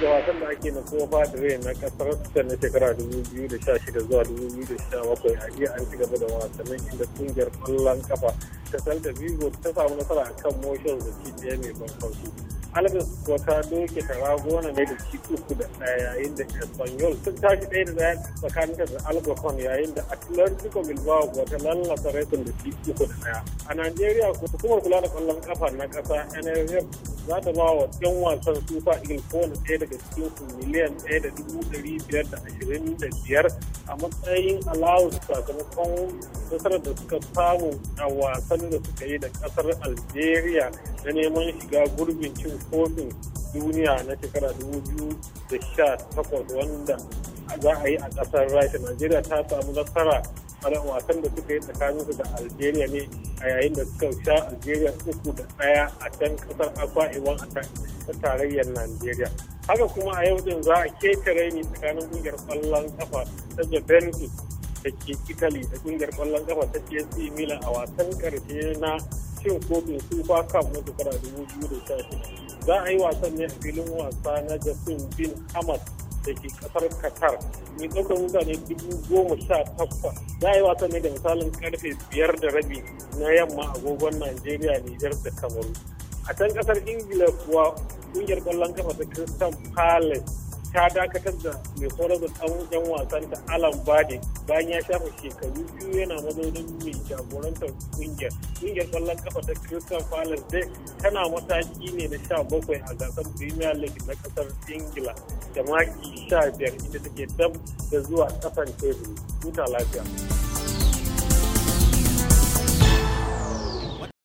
da wasan da ake na kofa rai na kasar Spain na shekara 2016 zuwa 2017 a iya an ci gaba da wasannin inda kungiyar kwallon kafa ta Celta Vigo ta samu nasara kan motion da ci ɗaya mai ban alabin wata doke ta ragona ne da ci uku da ɗaya yayin da espanyol sun tashi ɗaya da ɗaya tsakanin da algocon yayin da atlantico bilbao wata lallasa resin da ci uku da ɗaya a najeriya hukumar kula da kwallon kafa na ƙasa nrf za ta ba wa 'yan wasan super eagles kowane ɗaya daga cikin su miliyan ɗaya da dubu ɗari biyar da ashirin da biyar a matsayin allowance sakamakon nasarar da suka samu a wasan da suka yi da ƙasar algeria na neman shiga gurbin cin kofin duniya na shekara 2018 wanda za a yi a kasar rasha najeriya ta samu nasara a wasan da suka yi su da algeria ne a yayin da suka sha algeria uku da daya a can kasar akwa iwan a ta tarayyar najeriya haka kuma a yau din za a keta raini tsakanin ƙungiyar ƙwallon kafa ta juventus da ke italy da ƙungiyar kwallon kafa ta psc milan a wasan karshe na cin kofin super cup na shekara 2016 za a yi wasan ne a filin wasa na jasin bin hamad da ke kasar qatar mai ɗaukar mutane dubu goma sha takwas za a yi wasan ne da misalin karfe biyar da rabi na yamma agogon najeriya nijar da kamaru a can kasar ingila kuwa kungiyar kwallon kafa ta crystal palace ta dakatar da mai horar da tsawon yan wasan ta alan bade bayan ya shafa shekaru biyu yana mazaunin mai jagorantar kungiyar kungiyar kwallon kafa ta crystal palace dai tana mataki ne na sha bakwai a gasar premier league na kasar ingila da maki sha biyar inda take dab da zuwa kasan teburi huta lafiya